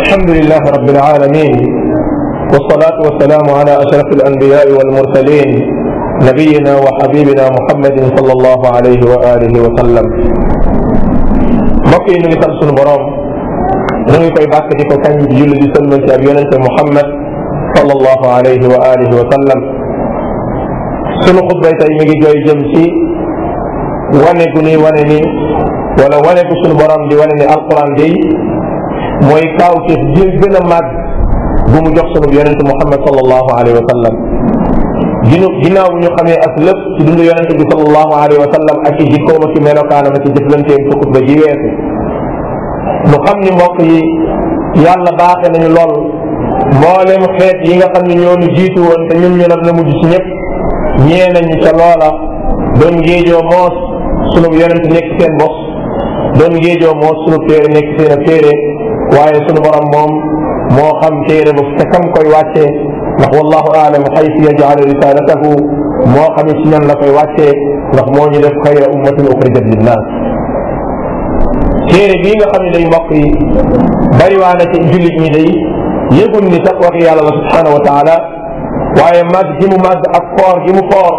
الحمد لله رب العالمين والصلاة والسلام على أشرف الأنبياء والمرسلين نبينا وحبيبنا محمد صلى الله عليه وآله وسلم mbokk yi ñu ngi sant sunu borom ñu ngi koy bàkk di ko kañ di julli di sëlmal ci ab yonente Muhammad sallallahu alayhi wa alihi wa sallam sunu xutbay tey mi ngi jooy jëm ci wane gu ni wane ni wala wane gu sunu borom di wane ni alquran day mooy kaawteef ji gën a màgg bu mu jox sunu yonent Muhammad sallallahu alayhi wa sallam ginu ginnaaw bu ñu xamee ak lépp ci dundu yonent bi sallallahu alayhi ak ci jikkoom ak ci melokaanam ak ci jëflanteem ci nu xam ni mbokk yi yàlla baaxe nañu lool mboolem xeet yi nga xam ni ñoo ñu jiitu woon te ñun ñu nar na mujj ci ñëpp ñee nañu ca loola doon géejoo moos sunu yonent nekk seen bos doon géejoo moos sunu téere nekk seen a téere waaye sunu borom moom moo xam téere ba te kam koy wàccee ndax wallahu aalam xaytu yajalu risalatahu moo xam ci ñan la koy wàccee ndax moo ñu def xayra ummatin uxrijat linnaas téere bii nga xam ne day mbokk yi bariwaana ci jullit ñi day yëgul ni sax waxi yàlla la subhanahu wa taala waaye màgg gi mu màgg ak foor gi mu foor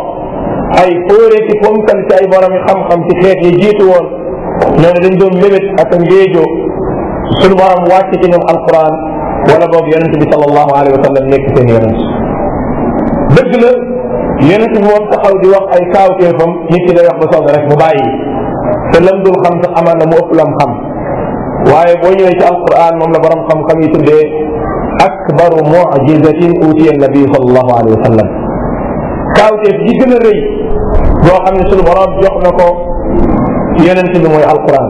ay fóore ci pomkan ci ay borom yi xam-xam ci yi jiitu woon nee na dañ doon a ngéejoo suñu borom wàcc ci ñoom alquran wala boobu yonente bi sallallahu alayhi wa sallam nekk seen yonent dëgg la yonente bi moom taxaw di wax ay kaawteefam nit ki day wax ba sonn rek mu bàyyi te lam dul xam sax amaan na mu ëpp lam xam waaye boo ñëwee ci alquran moom la borom xam-xam yi tuddee akbaru mujizatin utiya nabi sallallahu alayhi wa sallam kaawteef ji gën a rëy boo xam ne suñu borom jox na ko yonente bi mooy alquran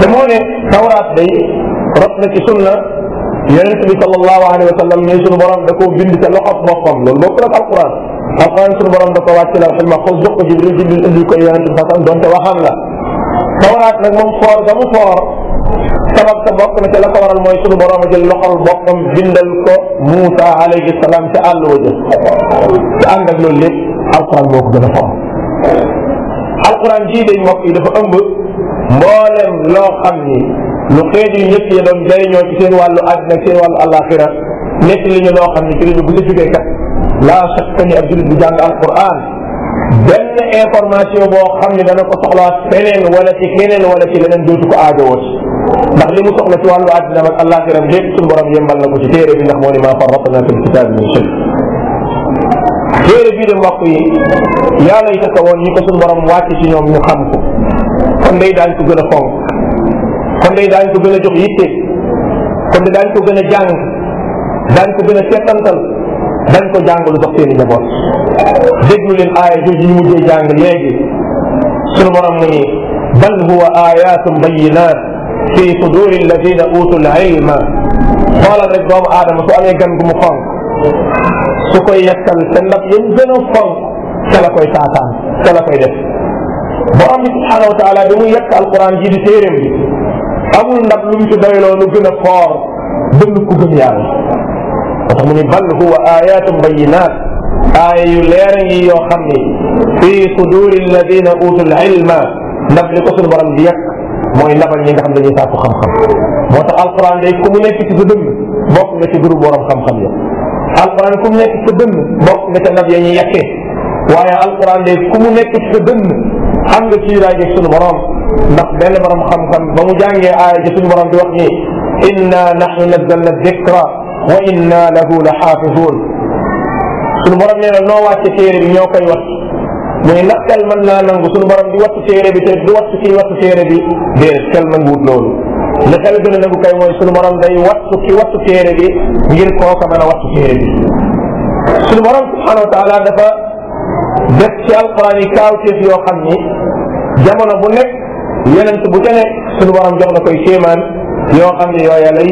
te moo ne tawraat day rot na ci sunna yonent bi sallallahu alayhi wa sallam ne sunu borom da koo bind te loxo boppam loolu bokk la ak alquran alquran sunu borom da ko wàcc la xilma xos jox ko jibril jibril indi ko yonent bi sallam donte waxam la tawraat nag moom foor ga mu foor sabab sa bokk na te la ko waral mooy sunu borom a jël loxol boppam bindal ko Muusa alayhi salaam ca àll wa jël te ànd ak loolu lépp alquran moo ko gën a foor alquran jii day mbokk yi dafa ëmb mboolem loo xam ni lu xeet yu njëkk yi doon jëriñoo ci seen wàllu àddina ak seen wàllu àllaaxira nekk li ñu loo xam ni ci la ñu bu ñu jógee kat laa shakka ni ab jullit bu jàng alquran benn information boo xam ni dana ko soxlaa ci keneen wala ci leneen dootu ko aajowoot ndax li mu soxla ci wàllu àddina ak àllaaxira lépp suñu borom yembal na ko ci téere bi ndax moo ni maa farratna fil kitaabi min shay téere bii de mbokk yi yàlla yi ko woon ñi ko suñu kon day daañu ko gën a fonk kon day daañu ko gën a jox yitte kon de daañu ko gën a jàng daañu ko gën a seetantal dañ ko jàngalu sax seen i njaboot déglu leen aaya jooju ñu mujjee jàng léegi sunu borom mu ni bal huwa ayatun bayinat fi suduri alladina utul ilma xoolal rek doomu aadama su amee gan gu mu fonk su koy yekkal te ndax yéen gën a fonk ca la koy taataan ca la koy def borom bi subhaanahu wa taala bi mu yekk alquran ji di amul ndab lu mu ci doyloo lu gën a foor dënd ku gëm yàlla moo tax ni bal huwa ayatum bayinat aaya yu leer a ngi yoo xam ni fi suduri alladina utul ilma ndab li borom bi xam dañuy sàkku xam ci sa dënd bokk nga borom xam-xam ya alquran ku xam nga kii laay jëg suñu borom ndax benn borom xam-xam ba mu jàngee aaya ji suñu borom di wax ni inna nahnu nazzalna dikra wa inna lahu la xaafizun suñu borom nee na noo wàcce téere bi ñoo koy wat mais ndax xel mën naa nangu suñu borom di wattu téere bi te du wattu kii wattu téere bi déedéet xel mën wut loolu li xel gën a nangu kay mooy suñu borom day wattu ki wattu téere bi ngir kooka mën a wattu téere bi suñu borom subhanahu wa taala dafa def ci alquran yi kaawteef yoo xam ni jamono bu nekk yeneen bu ca nekk suñu borom jox na koy kéemaan yoo xam ne yooya lay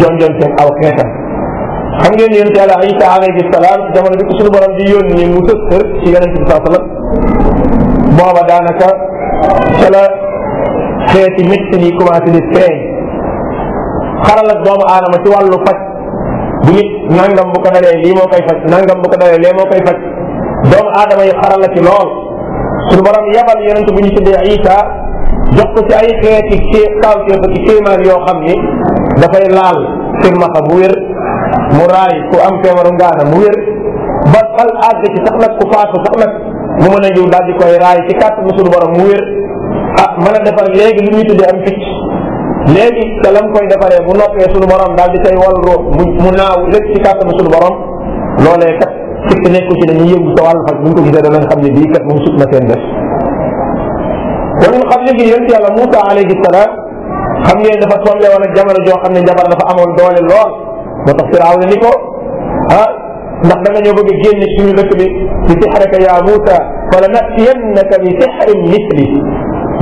jonjonteeg aw xeetam xam ngeen yonent yàlla Isa alayhi salaam jamono bi ko suñu borom di yónni mu sës kër ci yonent bi saa sallam booba daanaka ca la xeeti médecine yi commencé di feeñ xaral ak doomu aadama ci wàllu faj bu nit nangam bu ko dalee lii moo koy faj nangam bu ko dalee lee moo koy faj doomu aadama yi xarala ci lool suñu borom yabal yonent bu ñu tuddee Isa jox ko ci ay xeeti kii kaw ci ci kéemaan yoo xam ni dafay laal sirmaxa mu wér mu raay ko am feebaru ngaana mu wér ba xal àgg ci sax nag ku faatu sax nag mu mën a ñëw daal di koy raay ci kàttanu suñu borom mu wér ah mën a defar léegi lu ñuy tuddee am picc léegi te lam koy defaree bu noppee suñu borom daal di koy wal ruux mu naaw lépp ci kàttanu suñu borom loolee kat sikk nekku ci ne ñu yëngu sa wàllu faj bu ñu ko gisee danañ xam ne bii kat moom sut na seen def wa min qablihi yonent yàlla Moussa alayhi salaam xam ngeen dafa tolle woon ak jamono joo xam ne njabar dafa amoon doole lool moo tax firaaw ne ni ko ah ndax da nga ñoo bëgg a génne suñu dëkk bi bi sixrika ya Moussa fala natiyannaka bi sixrin misli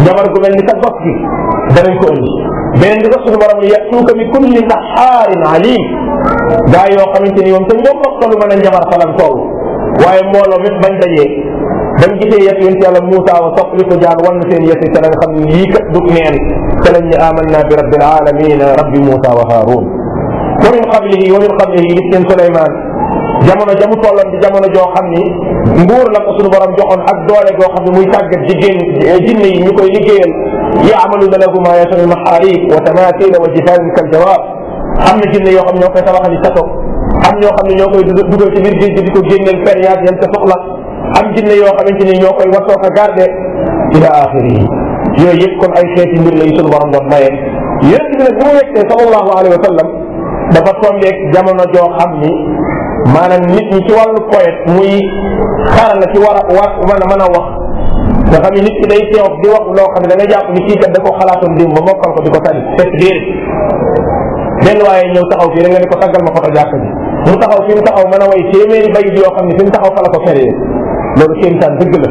njabar gu mel ni sa bopp bi danañ ko indi beneen bi ko suñu borom yatuuka bi kulli saxaarin alim gaa yoo xamante ni moom te ñoom mag tollu mën a njabar xalam toll waaye mbooloo mépp bañ dajee bañ gisee yet yonent yàlla Muusa wa soppli ko jaan wan na seen yeti te lañ xam yii kat dug neen te lañ ñu amanna bi rabbil alamina rabbi Muusa wa Haarun wa min qablihi wa min qablihi gis ngeen Suleymaan jamono jamu tolloon di jamono joo xam ni nguur la ko suñu borom joxoon ak doole goo xam ne muy tàggat jigéen eh, jinne yi ñu koy liggéeyal yaamaluuna lahu ma yashaa min maxaarib wa tamathila wa jifaanin am na jinne yoo xam ñoo koy tabaxali kaso am ñoo xam ne ñoo koy dugal ci biir géej gi di ko génneel période yan sa soxla am jinne yoo xamante ni ñoo koy wattoo ko garde ila axiri yi yooyu yëpp kon ay xeeti mbir la yu sunu borom doon mayee yonent bi nag bu mu yegsee sallallahu alayhi wa sallam dafa tombeeg jamono joo xam ni maanaam nit ñi ci wàllu poète muy xarala ci war a war mën a mën a wax nga xam ne nit ki day teew di wax loo xam ne da nga jàpp ni kii kat da ko xalaatoon diw ba mokkal ko di ko tari fekk déedéet benn waaye ñëw taxaw fii rek nga ne ko taggal ma photo jàkk bi mu taxaw fi mu taxaw ma a way téeméeri bay bi yoo xam ne fi mu taxaw fa la ko feree loolu kéemtaan dëgg la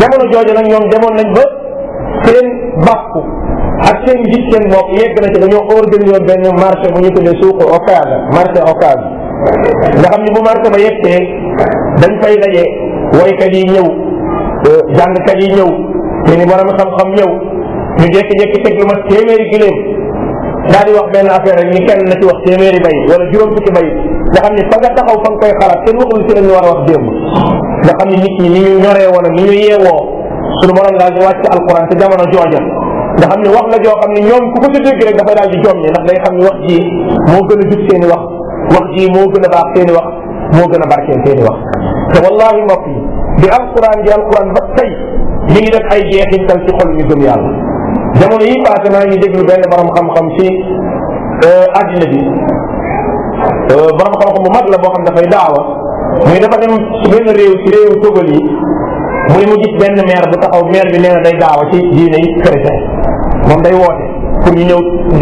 jamono jooju nag ñoom demoon nañ ba seen bàkku ak seen njiit seen bopp yegg na ci dañoo organisé woon benn marché bu ñu tuddee suuqu occasion marché occasion nga xam ne bu marché ba yegsee dañ fay na waykat yi jàngkat yi ñëw ñu ni borom xam-xam ñëw ñu jékki-jékki teg lu mat téeméeri giléem daal di wax benn affaire rek ni kenn na ci wax téeméeri bay wala juróom fukki bay nga xam ni fa nga taxaw fa nga koy xalaat kenn waxul ci lañu war a wax démb nga xam ni nit ñi ni ñu ñoree wala ni ñu yeewoo suñu borom daal di wàcc alquran te jamono jooja nga xam ni wax la joo xam ni ñoom ku ko ci dégg rek dafay daal di joom ñi ndax day xam ni wax ji moo gën a jub seeni wax wax ji moo gën a baax seeni wax moo gën a barkeel seeni wax te wallahi mbokk yi di alquran di alquran ba tey ñu ngi def ay jeexintal ci xol ñu gëm yàlla jamono yi passé naa ñu déglu benn borom xam-xam ci addina euh, bi euh, borom xam-xam bu mag la boo xam dafay daawa muy dafa dem su benn a ci réewu Tugal yi muy mu gis benn maire bu taxaw maire bi nee na day daawa ci diine chrétien moom day woote pour ñu ñëw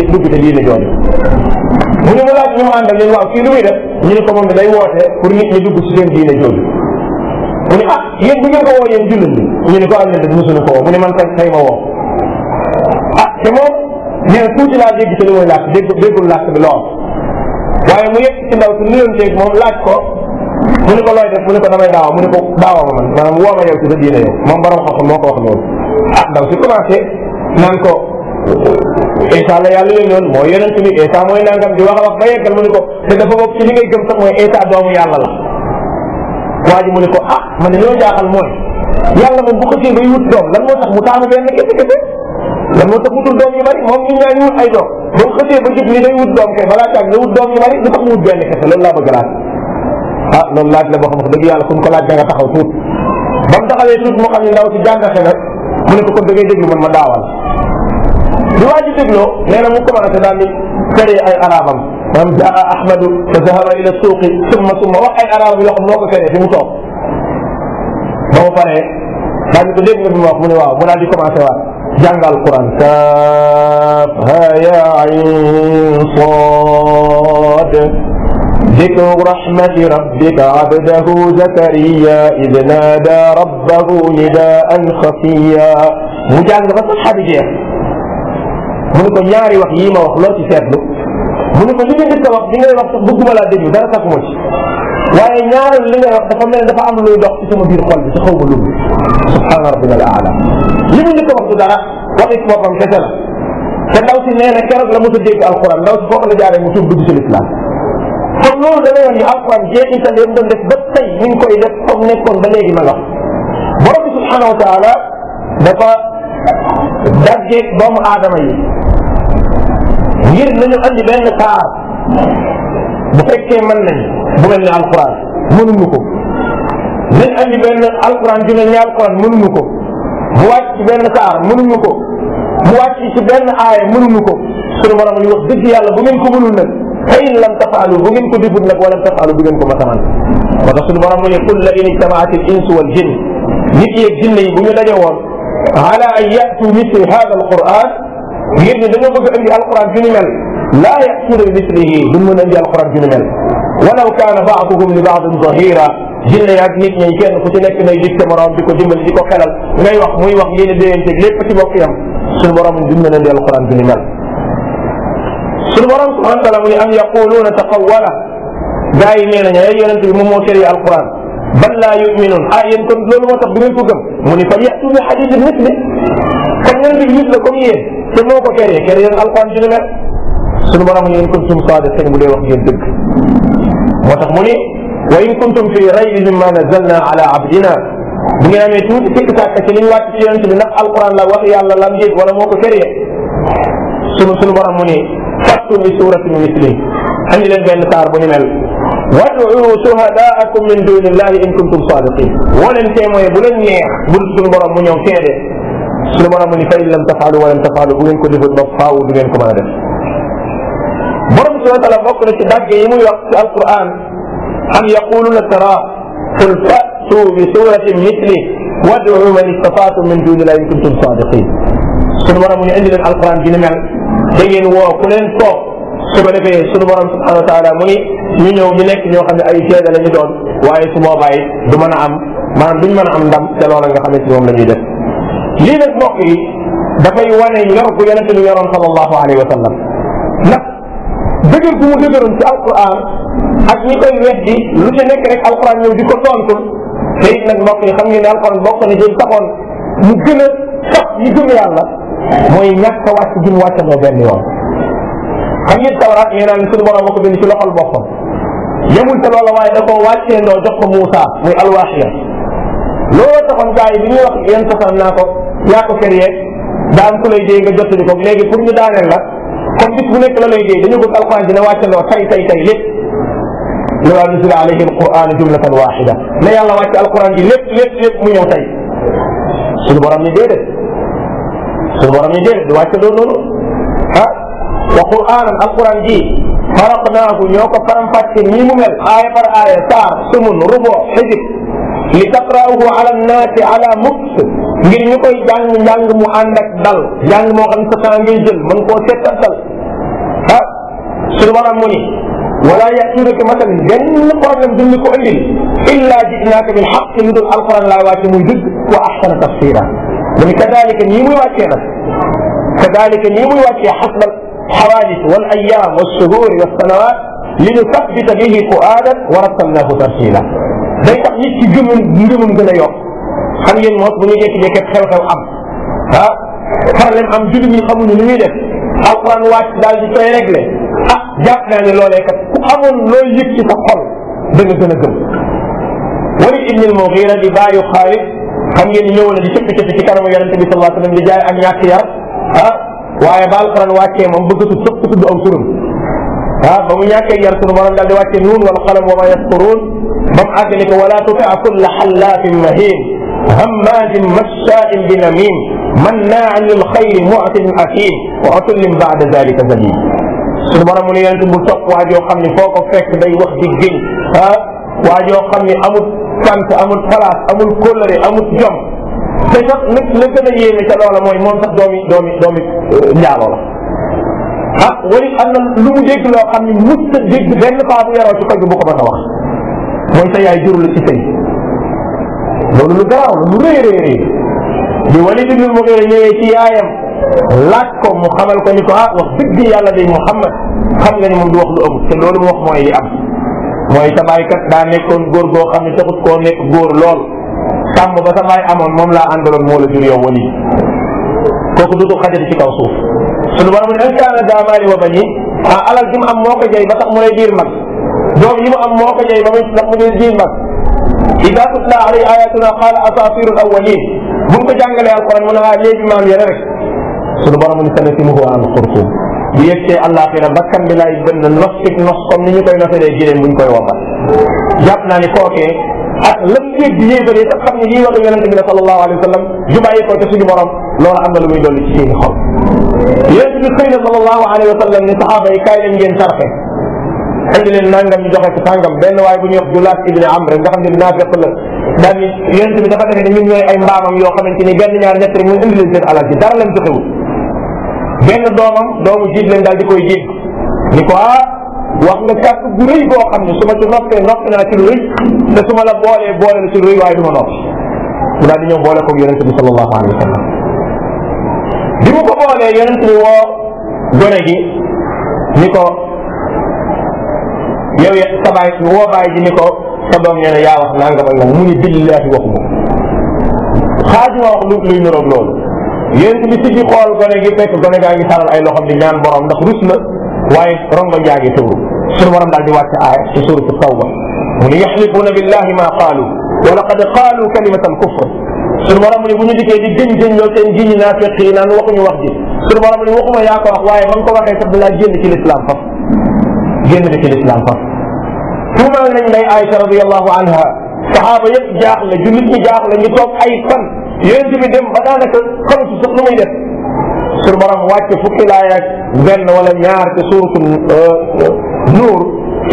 dugg te diine jooju mu ñu mu laaj ñoo ànd ak ñun waaw kii lu muy def ne ko moom day woote pour nit ñi dugg ci seen diine jooju mu ne ah yéen bu ngeen ko woo yéen jullit ñi ñu ne ko am nañ def mosuñu ko woo mu ne man kay tey ma woo ah te moom nee na laa dégg ci li muy mu yegg ci ndaw laaj ko mu ne ko looy def mu ne ko damay daawa mu ne ko daawa ma man maanaam woo ma yow ci sa diine yow moom borom xam-xam moo ko wax loolu ah ndaw si commencé naan ko Isa la yàlla yónni woon mooy yonent bi Isa mooy nangam di wax a wax ba yeggal mu ne ko te dafa bokk ci li ngay gëm sax mooy Isa doomu yàlla la waa mu ne ko ah man ne loolu jaaxal mooy yàlla moom bu ko see bay wut doom lan moo tax mu taamu benn kese kese lan moo tax wutul doom yu moom ñun ay doom ba mu xësee ba gis ni day wut doom kay balaa tàgg na wut doom yu bari lu laa bëgg laaj ah loolu laaj la boo xam ne dëgg yàlla kuñ ko laaj da nga taxaw tuut ba mu taxawee tuut moo xam ne ndaw si jàngaxe nag ko kon da ngay déglu man ma daawal bi waa ji dégloo nee na mu commencé daal di fere ay arabam maanaam jaa ahmadu fa zahaba ila suuqi summa summa wax ay arabam yoo xam noo ko fere fi mu toog ba mu paree daa ñu ko dégg nga bi ma wax mu ne waaw mu daal di commencé waat jàngal quran kaaf haa yaa ayn saad ذكر رحمة ربك عبده زكريا إذ نادى ربه نداء خفيا mu jàng ba sax xabi jeex mu ne ko ñaari wax yii ma wax loo ci seetlu mu ne ko li nga njëkk a wax li ngay wax sax bëgguma laa déglu dara sakkuma ci waaye ñaareelu li ngay wax dafa mel dafa am luy dox ci sama biir xol bi ci xaw ma lu subhaana rabbina al aala li mu njëkk a wax du dara waxi boppam kese la te ndaw si nee na keroog la mos a dégg alquran ndaw si foofu la jaaree mu tuub dugg ci lislaam kon loolu da ngay wax ni alquran jeexital yam doon def ba tey mi ngi koy def comme nekkoon ba léegi ma nga borom bi subhaanahu wa taala dafa dajje doomu aadama yi ngir nañu andi benn kaar bu fekkee mën nañ bu mel ni alquran mënuñu ko nañ andi benn alquran ju mel ni alquran mënuñu ko bu wàcc ci benn kaar mënuñu ko bu wàcc ci benn aaya mënuñu ko suñu borom ñu wax dëgg yàlla bu ngeen ko mënul nag fa in lam tafaalu bu ngeen ko deful nag wala tafaalu bu ngeen ko mataman moo tax suñu borom mu ne qul la in ijtamaat al insu wal jinn nit yeeg jinne yi bu ñu daje woon ala an yatu misli hada al quran ngir ne dañoo bëgg a indi alquran ju ni mel laa yatuuna bi mislihi duñ mën a indi alquran ju ni mel walaw kaana baaduhum li baadin zahira jinne yaag nit ñi kenn ku ci nekk day dig sa morom di ko dimbali di ko xelal ngay wax muy wax yéen a déyanteeg lépp ci bokk yam suñu borom duñ mën a indi alquran ju ni mel suñu borom subhanahu wa taala mu ne am yaquluuna taqawwala gaa yi nee nañu ay yonent bi moom moo tëri alquran bal laa yuminuun ah yéen kon loolu moo tax du ngeen ko gëm mu ni fa yatu bi xadisin misli kon yonent bi mis la comme yéen te moo ko keree kere yéen alxuraan ji ni mel sunu borom ne in kuntum saadiqin bu dee wax ngeen dëgg moo tax mu ni wa in kuntum fi raybin mimma nazzalna ala abdina bu ngeen amee tuuti sikk sàkk ci liñ wàcc ci yonent bi ndax alxuraan la wax yàlla lam déet wala moo ko keree sunu sunu borom mu ni fattu bi suratin misli andi leen benn saar bu ni mel wad'u shuhadaakum min dunillahi in kuntum saadiqin woo leen témoin bu leen neex bu dul sunu borom mu ñëw seede suñu borom mu ni fa in lam tafaalu wa lam tafaalu bu ngeen ko defut ba faaw du ngeen ko mën a def borom subhanahu wa taala bokk na ci dàgg yi muy wax ci alquran am yaquluna tara qul fatu bi suratin misli wadu man istataatum min dunillahi in kuntum sadiqin suñu borom mu ni indi leen alquran gi ni mel da ngeen woo ku leen toog su ko defee suñu borom subhanahu wa taala mu ni ñu ñëw ñu nekk ñoo xam ne ay seede la ñu doon waaye su boobaa it du mën a am maanaam duñ mën a am ndam te loola nga xamante moom la ñuy def lii nag mbokk yi dafay wane yor bu yonente bi yoroon sallallahu alayhi wa sallam ndax dëgër bu mu dëgëroon ci alquran ak ñi koy weddi lu ci nekk rek alquran ñëw di ko tontul te it nag mbokk yi xam ngeen ne alquran bokk na jëm taxoon mu gën a sax ñi gëm yàlla mooy ñàkk a wàcc gi mu wàccandoo benn yoon. xam ngeen tawraat ñu naan suñu borom a ko bind ci loxol boppam yemul te loola waaye da koo wàcceendoo jox ko Moussa muy alwaaxiya looloo taxoon gars yi bi ñuy wax yéen saxal naa ko. yaa ko créé daa am ku lay a nga jottali ko léegi pour ñu daaneel la comme bis bu nekk la lay déy dañu bëgg alquran dina wàccandoo tay tay tay lépp law nuzila alayhi alquran jumlatan waxida ne yàlla wàcc alquran ji lépp lépp lépp mu ñëw tay suñu borom ni déedéet suñu borom ni déedéet du wàccandoo noonu ah wa quranan alquran ji faraqnaahu ñoo ko faram fàcce nii mu mel aaya par aaya saar sumun rubo xijib li taqra'uhu ala naasi ala muks ngir ñu koy jàng njàng mu ànd ak dal njàng moo xam sa temps ngay jël mën koo settantal ah suñu borom mu ni wala yatiinuka masalan benn problème duñu ko andil illa ji'naaka bil haqq lu dul alquran laa wàcce muy dëgg wa ahsana tafsira mu ni kadalika nii muy wàccee nag kadalika nii muy wàccee xasbal xawaadis wal ayyaam wassuhuur wassanawat li nusabbita bihi fuaadak wa rattalnaahu tartiila day tax nit ci gëmëm ngëmëm gën a yokk xam ngeen moos bu ñu jékki-jékki xew-xew am ah problème am jullit ñi xamuñu lu ñuy def alquran wàcc daal di koy réglé ah jàpp naa ne loolee kat ku amoon looy yëg ci sa xol da nga gën a gëm Walid ibn al-Mughira di bàyyu Xaalid xam ngeen ni ñëwoon na di cëpp-cëpp ci kanamu yonente bi sallallahu alayhi wa sallam di jaay ak ñàkk yar ah waaye ba alquran wàccee moom bëggatu sëpp tudd aw turam ah ba mu ñàkkee yar sunu borom daal di wàcce nuun wal qalam wa ma yasturun ba mu àgg ni ko wala tuti kulla xallaatin mahin hammaazin mashshaa'in bi namiim mannaa'in lil xayri mu'tin asiim wa utullin ba'da zaalika zaniim sunu borom mu ne yonent bu topp waa joo xam ne foo ko fekk day wax di gëñ ah waa joo xam ne amul sant amul place amul kóllëre amul jom te sax nag la gën a yéeme ca loola mooy moom sax doomi doomi doomi eh, njaaloo la ah wala am na lu mu dégg loo xam ne mës a dégg benn paa bu yaroo ci koñ bu ko a wax mooy sa yaay jurul ci sëy loolu lu garaaw lu rëy rëy rëy di Walid ibn Mughira ñëwee ci yaayam laaj mu xamal ko ni ko ah wax dëgg yàlla day Muhammad xam nga ni moom du wax lu amul te loolu mu wax mooy li am mooy sa baay kat daa nekkoon góor goo xam ne taxut koo nekk góor lool sàmm ba sa baay amoon moom laa àndaloon moo la jur yow Walid kooku dutu xajati ci kaw suuf suñu borom ne incaana daamaali wa bañi ah alal gi mu am moo ko jëy ba tax mu lay diir mag doom yi mu am moo ko jëy ba muy tax mu lay diir mag ida tutla alay ayatuna qaala asaatiru l awalin buñ ko jàngalee alquran mu ne ah léegi maam yéen rek suñu borom ne sanasimuhu al xurtuum bu yëgtee àllaaxira bakkan bi laay bënn nos it nos comme ni ñu koy nosalee jëleen buñ koy wombat jàpp naa ni kookee ak lam yëg di yéebaree te xam ne lii waxu yonente bi ne sallallahu alayhi wa sallam ju bàyyi ko te suñu borom loolu am na lu muy dolli ci seen xol yonent bi xëy na sallallahu alayhi wa sallam ne saxaaba yi kaay leen ngeen sarxe indi leen nangam ñu joxe ci sàngam benn waaye bu ñuy wax Julaas ibn Amr nga xam ne naafiq la daan ni yonent bi dafa defe ne ñun ñooy ay mbaamam yoo xamante ni benn ñaar ñett rek mu indi leen seen alal ci dara leen joxewul benn doomam doomu jiit leen daal di koy jiit ni ko ah wax nga kàddu gu rëy boo xam ne su ma ci noppee noppi naa ci lu rëy te su ma la boolee boole la ci lu rëy waaye du ma noppi mu daal di ñëw boole koog yonent bi sallallahu alayhi wa sallam bi mu ko boolee yonent bi woo gone ni ko yow sa baay woo baay ji ni ko sa doom nee na yaa wax nanga ba mu ni billahi waxuma xaajuma wax lu luy niroog loolu yonent bi si di xool gone gi fekk gone gaa ngi tàllal ay loxom di ñaan borom ndax rus na waaye rongo njaagi tëwru suñu borom daal di wàcc aaya ci suuratu tawba mu ni yaxlifuuna billahi ma qaalu wa laqad qaalu kalimata suñu borom mu ne bu ñu dikkee di gëñ gëñ loo seen giñ naa fekk yi naan waxuñu wax ji suñu borom mu ne waxuma yaa ko wax waaye ba nga ko waxee sax dinaa génn ci lislaam faf génn ci lislaam faf tuumal nañ lay Aïcha radiallahu anha saxaaba yëpp jaaxle jullit ñi jaaxle ñu toog ay fan yonent bi dem ba daanaka xamatu sax lu muy def suñu borom wàcc fukki laay ak benn wala ñaar te suuratu euh, nuur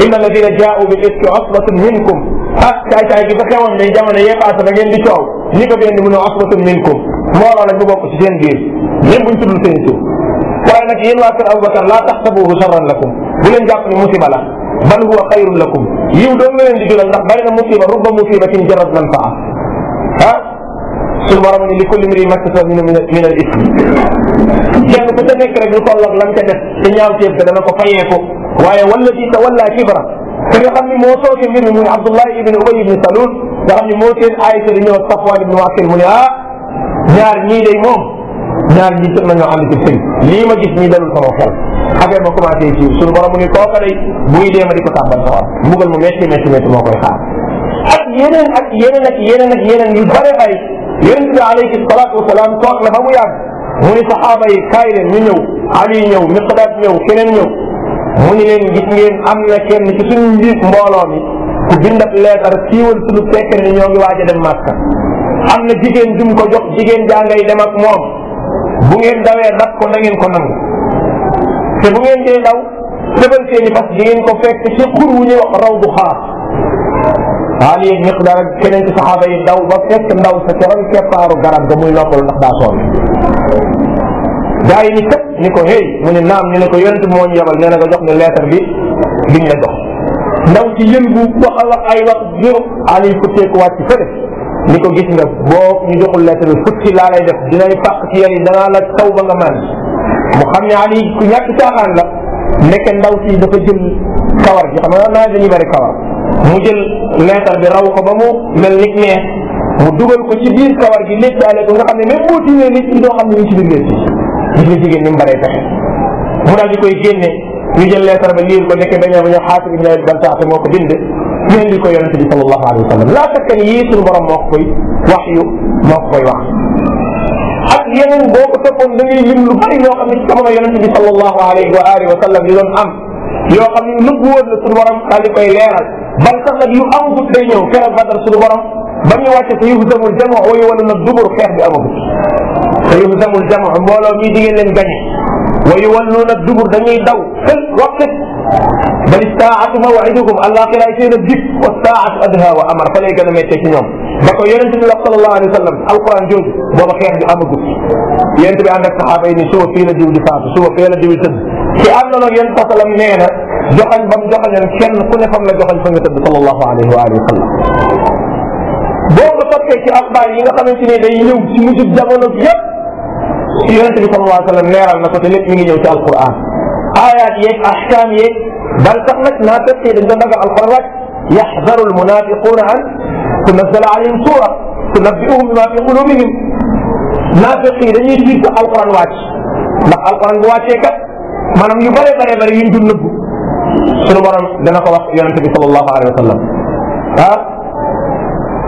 inna alladina jaau bil iski asbatun minkum ak caay-caay gi fa xewoon ne jamono yee paase ba ngeen di coow ñi ko benn mun a asbatun minkum mbooloo lañ bu bokk ci seen biir même buñ tuddul seen tur waaye nag yéen waa kër Aboubacar laa taxsabuhu charran lakum bu leen jàpp ne musiba la bal huwa xayrun lakum yiw doon la leen di jural ndax bari na musiba rubba musibatin jarat manfaa ah suñu borom ni li kulli mri maktasab min min al ism kenn ku ca nekk rek lu toll ak lam ca def te ñaaw teef ga dana ko fayee ko waaye walladi tawalla kibra ki nga xam ni moo sooke mbir mi muy Abdullah ibn Ubay ibn Salul nga xam ni moo seen ayta di ñëw Safwan ibn Wasil mu ne ah ñaar ñii day moom ñaar ñii jot nañoo ànd ci sëy lii ma gis ñii dalul sama xel affaire ma commencé ci suñu borom mu ne kooka day buy dee ma di ko tàmbal sawar mbugal mu métti métti métti moo koy xaar ak yeneen ak yeneen ak yeneen ak yeneen yu bare ay yonent bi alayhi salaatu wasalaam toog na ba mu yàgg mu ne saxaaba yi kaay leen ñu ñëw Ali ñëw Miqdaad ñëw keneen ñëw mu ni leen gis ngeen am na kenn ci suñu njiit mbooloo mi ku bindab leetar siiwal suñu fekkee ni ñoo ngi waaj a dem am na jigéen jum ko jox jigéen jàngay dem ak moom bu ngeen dawee dab ko na ngeen ko nangu te bu ngeen dee daw tëbal seen i fas di ngeen ko fekk ci xur wu ñuy wax raw du xaar Ali Miqdaar ak keneen ci saxaaba yi daw ba fekk ndaw sa ca ron keppaaru garab ga muy noppalu ndax daa gaa yi ni ko hey mu ne naam ñu ne ko yonent bi moo ñu nee na nga jox ñu leetar bi bi la jox ndaw ci yëngu wax a wax ay wax juróom Aliou ku teeku wàcc fële ni ko gis nga boo ñu joxul leetar bi fukki laa lay def dinañ fàq ci yéen yi danaa la taw ba nga mën mu xam ne Aliou ku ñàkk caaxaan la nekk ndaw si dafa jël kawar gi xam nga nawet dañuy bëri kawar mu jël leetar bi raw ko ba mu mel ni neex mu dugal ko ci biir kawar gi lépp daale ko nga xam ne même boo tiimee nit ñi gis nga jigéen ni mu baree pexe mu di koy génne ñu jël leetar ba liir ko nekk dañoo ba ñëw xaasib ibn abi baltaata ko bind ñu indi ko yonente bi sallallahu alayhi wa sallam laa sakkan yii suñu borom ko koy wax yu moo ko koy wax ak yeneen boo ko toppoon da ngay lim lu bari loo xam ne ci jamono yonente bi sallallahu alayhi wa alihi wa koy leeral bal sax nag yu amagut day ñëw keroog ba ñu wàcce te yuhzamul jamu wala na dubur xeex bi amagut te yuhzamul jamu mbooloo mii di ngeen leen gañe wa yuwalluuna dubur dañuy daw fël roqet bal saatu mawidukum àllaaxiraay seen a jib wa saatu adha wa amar fa lay gën a méttee ci ñoom ba ko yonente bi la sallallahu alayhi wa sallam alquran jooju booba xeex bi amagut yonente bi ànd ak saxaaba yi ni suba fii la diw di faatu suba fee la diw di tëdd ci àndoon ak yonente sallam nee na joxañ ba mu joxañoon kenn ku ne fam la joxañ fa nga tëdd sallallahu alayhi wa alihi wa sallam bokkee ci axbaar yi nga xamante ni day ñëw ci mujjub jamono bi yëpp yonente bi sallallahu alayhi wa sallam leeral na ko te lépp mi ngi ñëw ci alquran ayat yeeg ahkam yeeg bal sax nag naa fekk dañ doon daga alquran wàcc yaxdaru almunafiquuna an tunazzala alayhim suura tunabbi'uhum bima fi qulubihim naa fekk dañuy jiit sa alquran wàcc ndax alquran bu wàccee kat maanaam yu bare bare bare yuñ dul nëbbu sunu borom dana ko wax yonente bi sallallahu alayhi wa sallam ah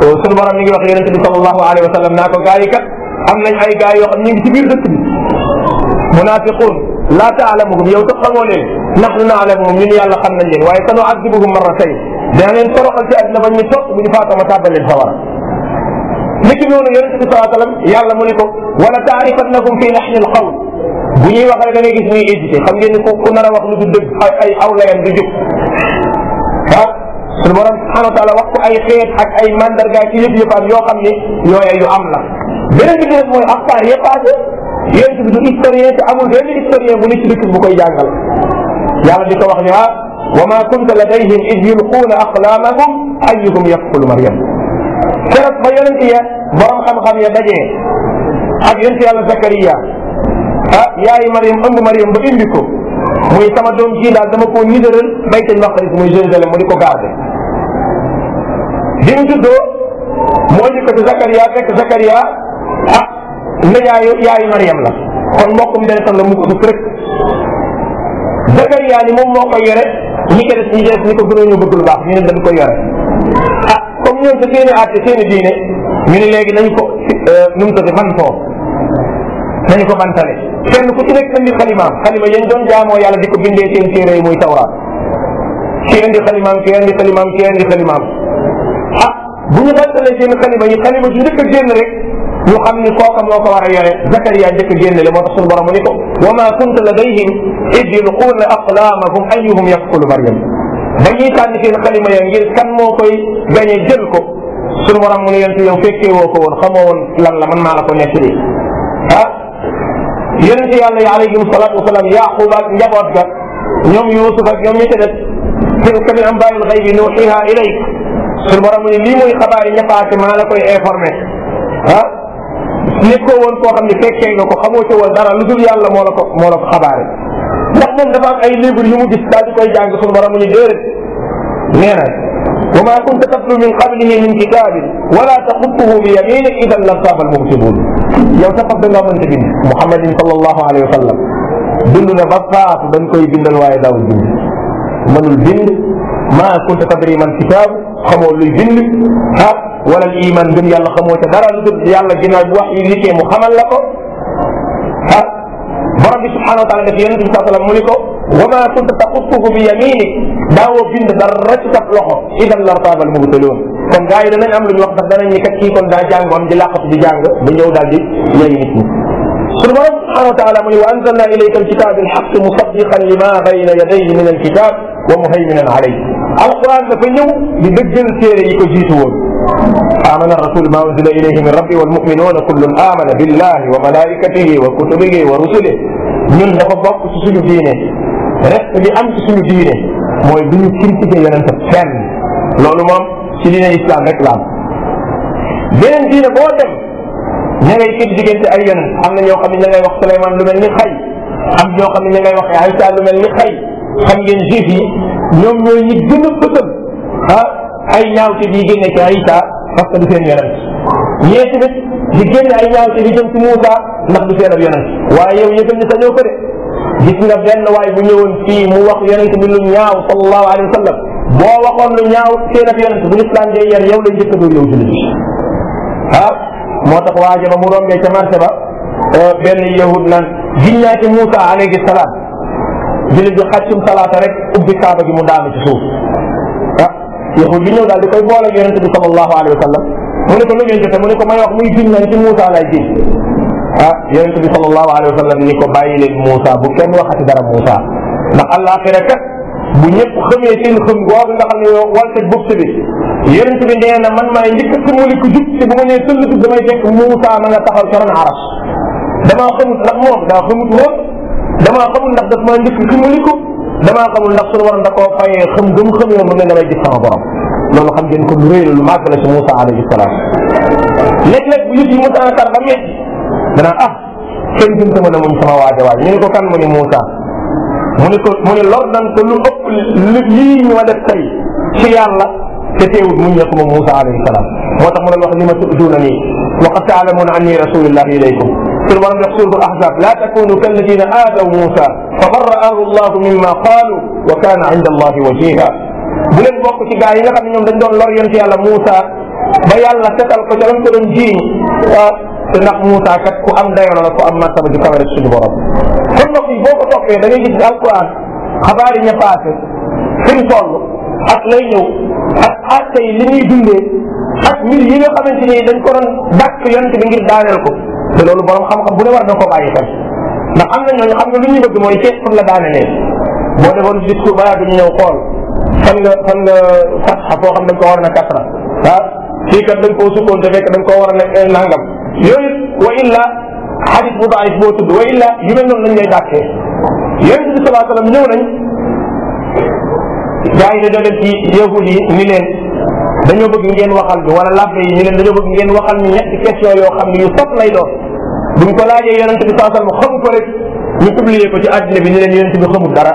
sunu borom mi ngi wax yonente bi sallallahu alayhi wa sallam naa ko gaa yi kat am nañ ay gaa yoo xam ñu ngi ci biir dëkk bi munafiquun laa taalamuhum yow sax xamoo leen nahnu naalamuhum ñun yàlla xam nañ leen waaye sanu adibuhum marratayn dana leen toroxal ci àddina bañ ñu topp bu ñu faatama tàbbal leen sawara niki noonu yonente bi salaa sallam yàlla mu ne ko wala taarifannahum fi lahni alqawl bu ñuy wax rek da ngay gis muy hésité xam ngeen ni ku nar a wax lu du dëgg ay aw layam du jub ah suñu borom subhanahu wa taala wax ko ay xeet ak ay mandargaay ci yëpp yëppaan yoo xam ne yooyee yu am la beneen bi ci des mooy axbaar yee passé yéen bi du historien te amul benn historien bu nit ci dëkk bu koy jàngal yàlla di ko wax ne ah wa ma kunta ladayhim id yulquuna aqlaamahum ayyuhum yaqtulu maryam keroog ba yonent ya borom xam-xam ya dajee ak yonent yàlla Zakariya ah yaayi Maryam ëmb Maryam ba indi ko muy sama doom ji daal dama koo nidaral baytal maqdis muy Jérusalem mu di ko garder bi mu juddoo moo ñu ko ci Zakaria fekk Zakaria ah na yaayu yaayu la kon mbokkum deretam la mu ko rek Zakaria ni moom moo ko yore ñi ko des ñi des ñi ko gënoon ñu bëgg lu baax ñu ne dañ ko yore ah comme ñoom sa seeni àtte seeni diine ñu ne léegi nañ ko euh, nu mu man ban foofu nañ ko bantale kenn ku ci nekk indi xalimaam xalima yéen doon jaamoo yàlla di ko bindee seen téere yi muy tawraat kii indi xalimaam kii indi xalimaam kii indi xalimaam ah bu ñu xattalee seen xalima yi xalima ju njëkk a génn rek ñu xam ni kooka moo ko war a yore Zakariya njëkk a génn le moo tax suñu borom ni ko wa ma kunta ladayhim id yulquuna aqlaamahum ayyuhum yaqulu Maryam ba ñuy tànn seen xalima ya ngir kan moo koy gañe jël ko suñu borom mu ne yonent yow fekkee woo ko woon xamoo woon lan la man maa la ko nettali ah yonent yàlla yi alayhim salaatu wasalaam yaqub ak njaboot ga ñoom yusuf ak ñoom ñi ci des tilka min ambaa'il ghaybi nuuhiihaa ilayk suñu borom mu ne lii muy xabaar yi ñëppaati maa la koy informé ah nit ko woon koo xam ne fekkee nga ko xamoo ci woon dara lu dul yàlla moo la ko moo la ko xabaare ndax moom dafa am ay livre yu mu gis daal di koy jàng suñu borom mu ne déedéet nee na wa maa kunta tatlu min qablihi min kitaabin wala taxuttuhu bi yaminik idan lastaaba al mubtiluun yow sa fas da ngaa mënta bind muhammadin sallallahu alayhi wa sallam bind na ba faatu dañ koy bindal waaye daawul bind mënul bind maa kunta tadri man kitaab xamoo luy bind ah wala iman gëm yàlla xamoo ca dara lu dul yàlla ginnaaw bu wax yi dikkee mu xamal la ko ah borom bi subhanahu wa taala def yonent bi sallam mu ni ko wa maa kunta taxussuhu bi yaminik daawoo bind dara ci sa loxo idan lartaabal mubtiluun kon gaa yi danañ am lu ñu wax ndax danañ ni kat kii kon daa jàngoon di làqatu di jàng ba ñëw daal di yey nit ñi sunu borom subhanahu wa taala mu ne wa anzalna ilayka alkitaba alhaq musaddiqan lima bayna yadayhi min alkitab wa muhayminan alayhi alquran dafa ñëw di dëggal téere yi ko jiitu woon آمن الرسول ما أنزل إليه من ربه والمؤمنون كل آمن بالله وملائكته وكتبه ورسله ñun dafa bokk ci suñu diine rek li am ci suñu diine mooy duñu critiquer yonente fenn loolu moom ci diine i rek la am beneen diine boo dem ña ngay kii diggante ay yonent am na ñoo xam ne ña ngay wax Souleymane lu mel ni xay am ñoo xam ne ña ngay wax Aïssa lu mel ni xay xam ngeen juif yi ñoom ñooy ñi gën a ah, ay ñaawte yi génne ci Aïssa parce que du seen yonent yee tamit di génne ay ñaawte yi jëm ci Moussa ndax du seen a yonent waaye yow yëgal ni sañoo ko de gis nga benn waay bu ñëwoon fii mu wax yonent bi lu ñaaw sallallahu alayhi wa boo waxoon lu ñaaw seen ak yonent bu lislaam day yar yow lay njëkk a yow jullit bi ah moo tax waaja ba mu rombee ca marché ba euh, benn yahud naan giñ naa ci Moussa alayhi salaam jullit bi xàccum salaata rek ubbi kaaba gi mu daanu ci suuf ah yahud bi ñëw daal di koy boole ak yonent bi sallallahu alayhi wa sallam mu ne ko lu ngeen jotee mu ne ko may wax muy giñ naan ci Moussa lay giñ ah yonent bi sallallahu alayhi wa sallam ni ko bàyyi leen Moussa bu kenn waxati dara Moussa ndax àllaaxira kat bu ñëpp xamee seen xam googu nga xam ne yow wàllu bopp bi yonent bi na man maay njëkk a mën ko jub te bu ma nee sëllu jub damay fekk Moussa ma nga taxaw ca ron aras damaa xamul ndax moom daa xamut moom damaa xamul ndax daf a mën ko damaa xamul ndax suñu waroon da koo fayee xam gëm xam yow mën na damay gis sama borom loolu xam ngeen ko lu rëy la lu màgg la si Moussa alayhi salaam léeg-léeg bu yëf yi mu daan tar ba metti ah kenn gën sama ne sama waaja waaj ñu ne kan mu ne mu ne ko mu ne lor nañ ko lu ëpp li lii ñu ma def tey ci yàlla te teewut muñ na ko moom Moussa alayhi salaam moo tax mu doon wax li ma tuduuna nii wa qad taalamuuna anni rasulillahi ilaykum suñu borom def suuratul ahzab laa takunu kalladina aadaw Moussa fa barra'ahu allahu mimma qaalu wa kaana inda allahi wajiha bu leen bokk ci gaa yi nga xam ne ñoom dañ doon lor yonent yàlla Moussa ba yàlla setal ko ca lañ ko doon jiiñ te ndax Moussa kat ku am dayoo la ku am martaba ju kawe rek suñu borom kon mbokk yi boo ko toppee da ngay gis ne alquran xabaar yi ña paase fi mu toll ak lay ñëw ak àtte yi li ñuy dundee ak mbir yi nga xamante ni dañ ko doon dàq yonent bi ngir daaneel ko te loolu borom xam-xam bu ne war na ko bàyyi xel ndax am na ñooñu xam na lu ñuy bëgg mooy kees pour la daanelee boo defoon discours balaa du ñu ñëw xool fan nga fan nga fatxa foo xam dañ ko war na kasra ah dañ koo sukkoon te dañ koo war a yooyu wa illa xadis bu daif boo tudd wa illa yu mel noonu lañ lay dàkkee yonente bi salaa sallam ñëw nañ gars yi dañoo dem ci yahud yi ni leen dañoo bëgg ngeen waxal bi wala labbe yi ni leen dañoo bëgg ngeen waxal ni ñetti question yoo xam ne yu sot lay doon buñ ko laajee yonente bi salaa sallam xamu ko rek ñu publier ko ci àddina bi ni leen yonente bi xamul dara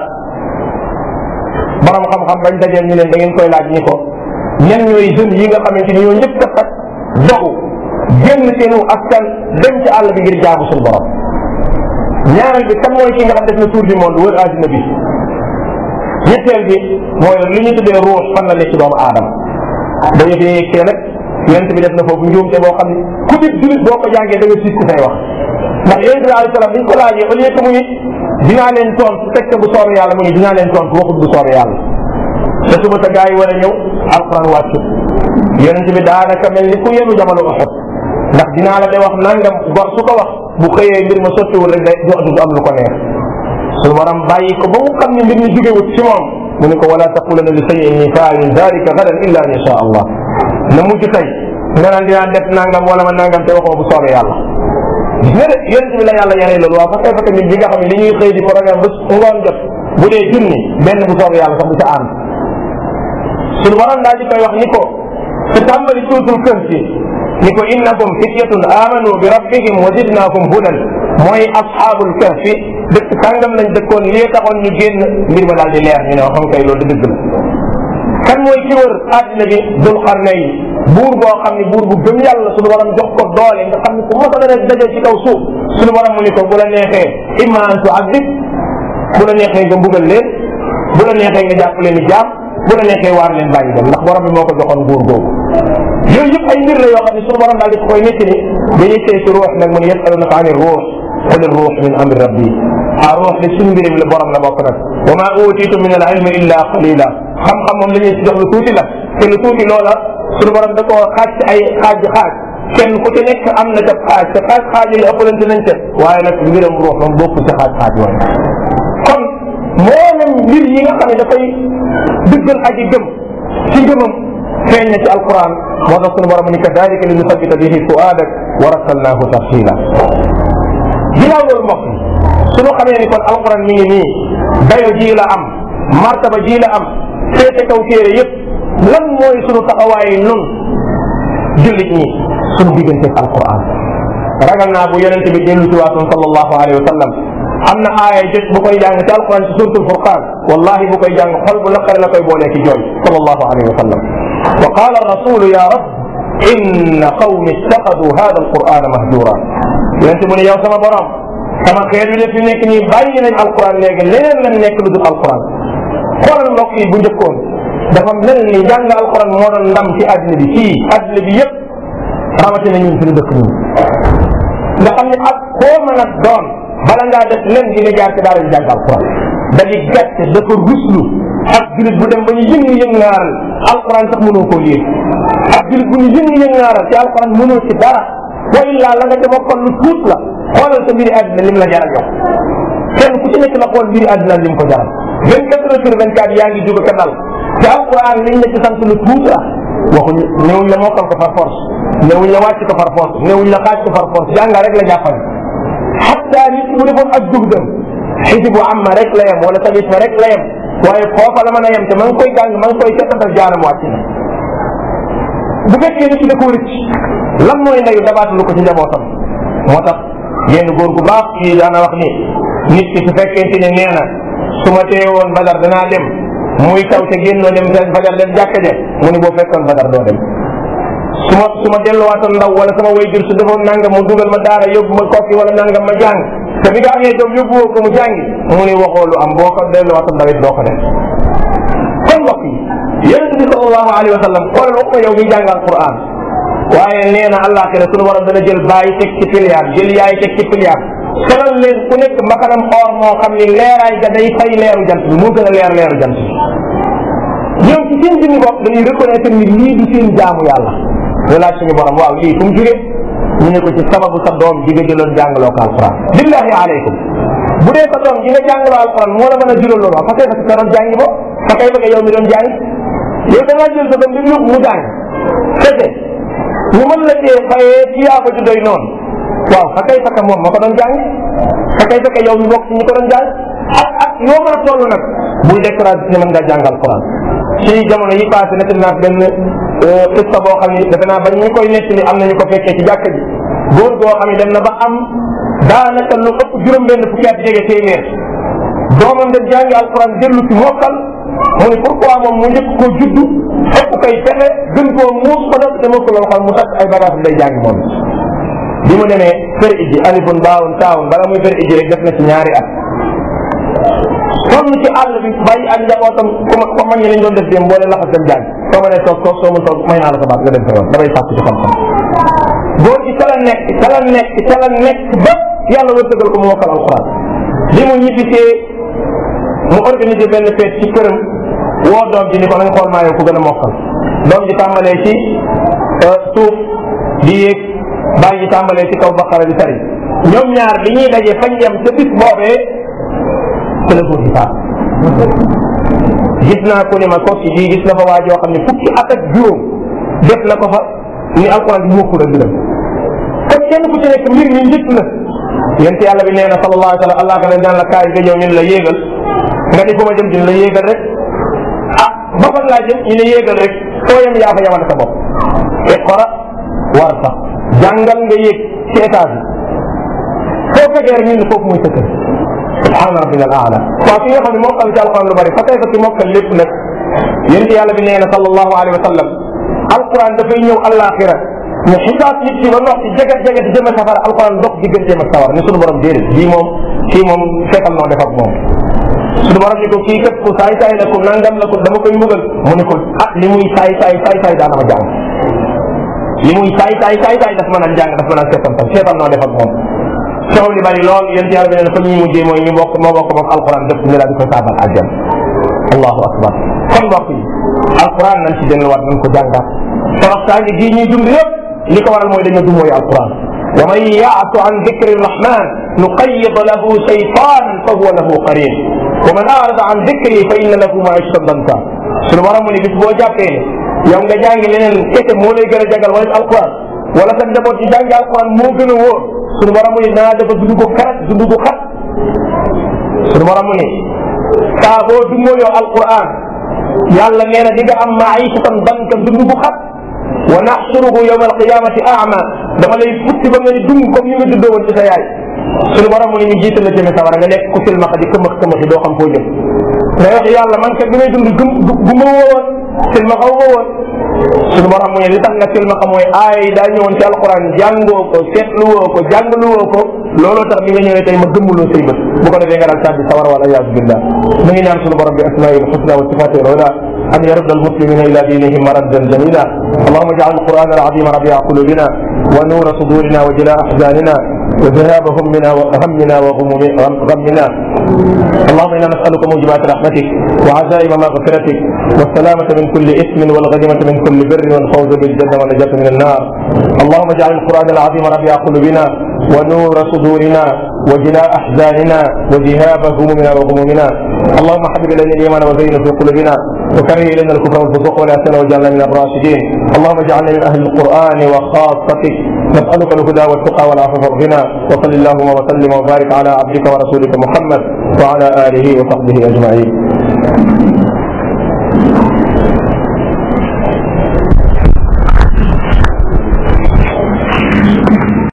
borom xam-xam bañ dajeel ñu leen da ngeen koy laaj ñi ko ñen ñooy jeunes yi nga xamante ni ñoo njëkk a faj dogu génn seenu askan dem ci àll bi ngir jaamu suñu borom ñaareel bi mooy ki nga xam def na tour du monde wër àddina bi ñetteel bi mooy li ñu tuddee ruux fan la nekk ci doomu aadama dañu fi yegsee nag yonent bi def na foofu njuumte boo xam ne ku di julit boo ko jàngee da nga siit ku fay wax ndax yonent bi alayhi salaam bi ñu ko laajee au lieu que mu ngi dinaa leen tontu fekk bu soobee yàlla mu ngi dinaa leen tontu waxut bu soobee yàlla te suba te gars yi war a ñëw alquran wàccu yonent bi daanaka mel ni ku yenu ndax dinaa la day wax nangam gor su ko wax bu xëyee mbir ma sottiwul rek day jox du am lu ko neex suñu borom bàyyi ko ba mu xam ne mbir mi jógewut ci moom mu ko wala taqulanna li shay'in inni fa'ilun dhalika gadan illa an yasha na mujj tey nga naan dinaa def nangam wala ma nangam te waxoo bu soobee yàlla gis nga de yonent bi la yàlla yaree loolu waaw fa kay fekk nit ñi nga xam ne li ñuy xëy di programme bés ngoon jot bu junni benn bu soobee yàlla sax bu ca ànd suñu borom ni ko innakum fityatun amanu bi rabbihim wa zidnaakum hudan mooy ashaabul kahfi dëkk sàngam lañ dëkkoon lii taxoon ñu génn mbir ma daal di leer ñu ne xam kay loolu dëgg la kan mooy ci wër àddina bi dul xarnay buur boo xam ne buur bu gëm yàlla suñu borom jox ko doole nga xam ne ku mos a dana daje ci kaw suuf suñu borom mu ni ko bu la neexee imma an tu'adib bu la neexee nga mbugal leen bu la neexee nga jàpp leen i jaam bu la neexee waar leen bàyyi dem ndax borom bi moo ko joxoon nguur googu yooyu yëpp ay mbir la yoo xam ne suñu borom daal di ko koy nettali dañuy tey si ruux nag mu ne yasalunaka ani ruux qul ruux min amri rabbi ah ruux de suñu mbirim la borom la bokk nag wa ma utitu min al ilmi illa qalila xam-xam moom la ñuy si jox lu tuuti la te lu tuuti loola suñu borom da koo xaaj ci ay xaaj xaaj kenn ku ci nekk am na ca xaaj te xaaj xaaj yi ëppalante nañ ca waaye nag mbiram ruux moom bokk ci xaaj xaaj yooyu kon moom mbir yi nga xam ne dafay dëggal aji gëm ci ngëmam feeñ na ci alquran moo tax sunu borom ni kadalika li nusabbita bihi fuadak wa rasalnaahu tartila ginnaaw loolu mbokk sunu xamee ni kon alquran mi ngi nii dayo ji la am martaba ji la am féete kaw téere yëpp lan mooy sunu taxawaay nun jullit ñi sunu digganteeg alquran ragal naa bu yonente bi dellu ci waatoon sallallahu alayhi wa sallam am na aaya jot bu koy jàng ci alquran ci suratul furqan wallahi bu koy jàng xol bu naqari la koy boolee ci jooy sallallahu alayhi wa sallam wa qaala rasulu ya rab inna qawmi ittaxadu hada alqurana mahjura yonente mu ne yow sama borom sama xeet bi de fi nekk nii bàyyi nañ alquran léegi leneen lañ nekk lu dul alquran xoolal mbokk yi bu njëkkoon dafa mel ni jàng alquran moo doon ndam ci àddina bi fii àddina bi yëpp rawatina ñun suñu dëkk ñun nga xam ne ak koo mën a doon bala ngaa def lenn di nga jaar ci daara di jàng alquran dañu gàcce dafa ruslu ak julit bu dem ba ñu yëngu-yëngaaral alquran sax mënoo koo lire ak julit bu ñu yëngu-yëngaaral ci alquran mënoo ci dara wa illaa la nga demoon lu tuut la xoolal sa mbiri àddina lim la jaral yow kenn ku ci nekk na xool mbiri àddina lim ko jaral 24 heures sur 24 yaa ngi jóg a dal te alquran liñ la ci sant lu tuut la waxuñu newuñ la mokkal ko par force newuñ la wàcc ko par force newuñ la xaaj ko par force jàngal rek la jàppale xatta nit ki bu defoon ak dugdam xisibu am ma rek la yem wala tamit ma rek la yem waaye foofa la mën a yem te ma ngi koy jàng ma ngi koy setantal jaaram wàcc na bu fekkee nit ki da koo rëcc lan mooy ndeyu dabaatalu ko ci njabootam moo tax génn góor gu baax kii daana wax ni nit ki su fekkente ne nee na su ma teewoon badar danaa dem muy taw te génnoo dem te badar dem jàkka ja mu ne boo fekkoon badar doo dem su ma su ma delluwaatoon ndaw wala sama wayjur su defoon nangam mu dugal ma daara yóbbu ma kokki wala nangam ma jàng te bi nga amee doom yóbbu mu jàngi mu ne waxoo lu am boo ko delluwaatoon it doo ko def kon mbokk yi yonente bi sallallahu alayhi wa sallam xoolal wax ma yow miy jàng alquran waaye nee na àllaaxira sunu borom dana jël bàyyi teg ci piliyaar jël yaay teg ci piliyaar solal leen ku nekk mbaxanam or moo xam ni leeraay ga day fay leeru jant bi moo gën a leer leeru jant bi ñoom ci seen jëmmi bopp dañuy reconnaître ni lii du seen jaamu yàlla ñu laaj suñu borom waaw lii fu mu jóge ñu ne ko ci sababu sa doom ji nga jëloon jàngaloo ko alquran billahi aleykum bu dee sa doom ji nga jàngaloo alquran moo la mën a jural loolu waaw fa kay fa sa doon jàngi bo fa kay bëgg yow mi doon jàngi yow da ngaa jël sa doom bi mu mu jàng kese ñu mën la cee fayee ci yaa ko ci doy noonu waaw fa kay fa ka moom ma ko doon jàngi fa kay fa ka yow mi bokk ci ñi ko doon jàng ak ak yoo mën a toll nag bul découragé ne mën ngaa jàngal alquran ci jamono yi passé nekk naa benn Euh, xista boo xam ni defe naa ba ñu koy nettali am nañu ko i ci jàkka ji góor goo xam ni dem na ba am daanaka lu ëpp juróom-benn fukki at jege téeméer doomam dem jàngi alquran dellu si mokkal mu ne pourquoi moom mu njëkk koo juddu ëpp koy fexe gën koo muus ko def dama ko loo xam mu takk ay bagage day jàngi moom bi mu demee fer iji alifun baawun taawun bala muy fer iji rek def na ci ñaari sonn ci àll bi bàyyi ak njabootam comme man lañ doon def dem boole laxas dem jàng soo mënee toog toog soo mën toog may naa la sa baat nga dem sa yoon damay sàkku ci xam-xam góor gi ca la nekk ca la nekk ca la nekk ba yàlla ko mu ji ni ko nañ xool maa euh, di yéeg bàyyi ji tàmbalee ci kaw baqara di tari ñoom ñaar li ñuy daje fañ yem ca bis boobee te la góor gi faatu gis naa ku ne ma Kossy fa waa joo xam ne fukki at ak juróom def na ko fa ni alquran bi mokkul ak mbiram kon kenn ku ci nekk mbir mi njëkk la yent yàlla bi nee na sallallahu alayhi wa sallam allah ka daan la kaay nga ñëw la fu ma jëm dina la yéegal rek ah ba fan laa jëm ñu ne yéegal rek foo yem yaa fa yamal sa bopp iqra warfa jàngal nga yéeg ci étage bi foo fegee rek ñun foofu mooy sa kër subhaana rabbina al aala waaw ki nga xam ne mokkal ci alquran lu bëri fa kayfa ki mokkal lépp nag yonent yàlla bi nee na sallallahu alayhi wa sallam alquran dafay ñëw àllaaxira ñu xisaab nit ci ba ndox ci jegat jegat di jëme safara alquran dox digganteem ak sawar ne suñu borom déedéet bii moom kii moom fekkal noo def ak moom suñu borom ni ko kii kat ku saay saay la ko nangam la ko dama koy mugal mu ne ko ah li muy saay saay saay saay daana ma jàng li muy saay saay saay saay daf ma naan jàng daf ma naan seetantal seetal noo def ak moom coow li bari lool yéen yàlla nee na fa ñuy mujjee mooy ñu bokk moo bokk moom alquran def ñu daal di ko saabal àjjan allahu akbar kon mbokk yi alquran nañ ci delluwaat nañ ko jàngaat toroxtaange gii ñuy dund yëpp li ko waral mooy dañoo du mooy alquran wa man yaasu an dicri rrahman nuqayyid lahu shaytanan fa huwa lahu qarin wa man arada an dicri fa inna lahu maishatan danka suñu waram mu ne bis boo jàppee ne yow nga jàngi leneen kese moo lay gën a jàngal wala alquran wala sa njaboot yi jàngi alquran moo gën a wóor sunu borom mu ne danaa dafa dund gu karat dund gu xat sunu borom mu ne saa boo dundoo yow alquran yàlla nee na di nga am maayisatan banka dund gu xat wa naxsuruhu yowma alqiyamati ama dama lay futti ba nga ni dung comme ni nga juddoo woon ci sa yaay suñu borom mu ne ñu jiital la jëme sawara nga nekk ku silmaxa di këmax këmaxi doo xam foo jëm day wax yàlla man kat bi may dund gëm gu ma woowoon silmaxa wu ma woon suñu borom mu ne li tax nga silmaxa mooy aaya yi daa ñëwoon ci alxuraan jàngoo ko seetluwoo ko jàngaluwoo ko looloo tax bi nga ñëwee tey ma gëmmuloo say bët bu ko defee nga daal sàddi sawara wala ayaasu billah mu ngi ñaan bi asmaa'il husna wa sifaatil ula أن يرد المسلمين إلى دينهم مردا جميلا اللهم اجعل القرآن العظيم ربيع قلوبنا وذهاب همنا وهمنا وغمنا اللهم انا نسالك موجبات رحمتك وعزائم مغفرتك والسلامه من كل اثم والغنيمه من كل بر والفوز بالجنه والنجاه من النار اللهم اجعل القران العظيم ربيع قلوبنا ونور صدورنا وجلاء احزاننا وذهاب همومنا وغمومنا اللهم حبب الينا الايمان وزينه في قلوبنا وكره الينا الكفر والفسوق والعصيان واجعلنا من الراشدين اللهم اجعلنا من اهل القران وخاصتك نسألك الهدى والتقى والعفو والغنى وصل اللهم وسلم وبارك على عبدك ورسولك محمد وعلى آله وصحبه أجمعين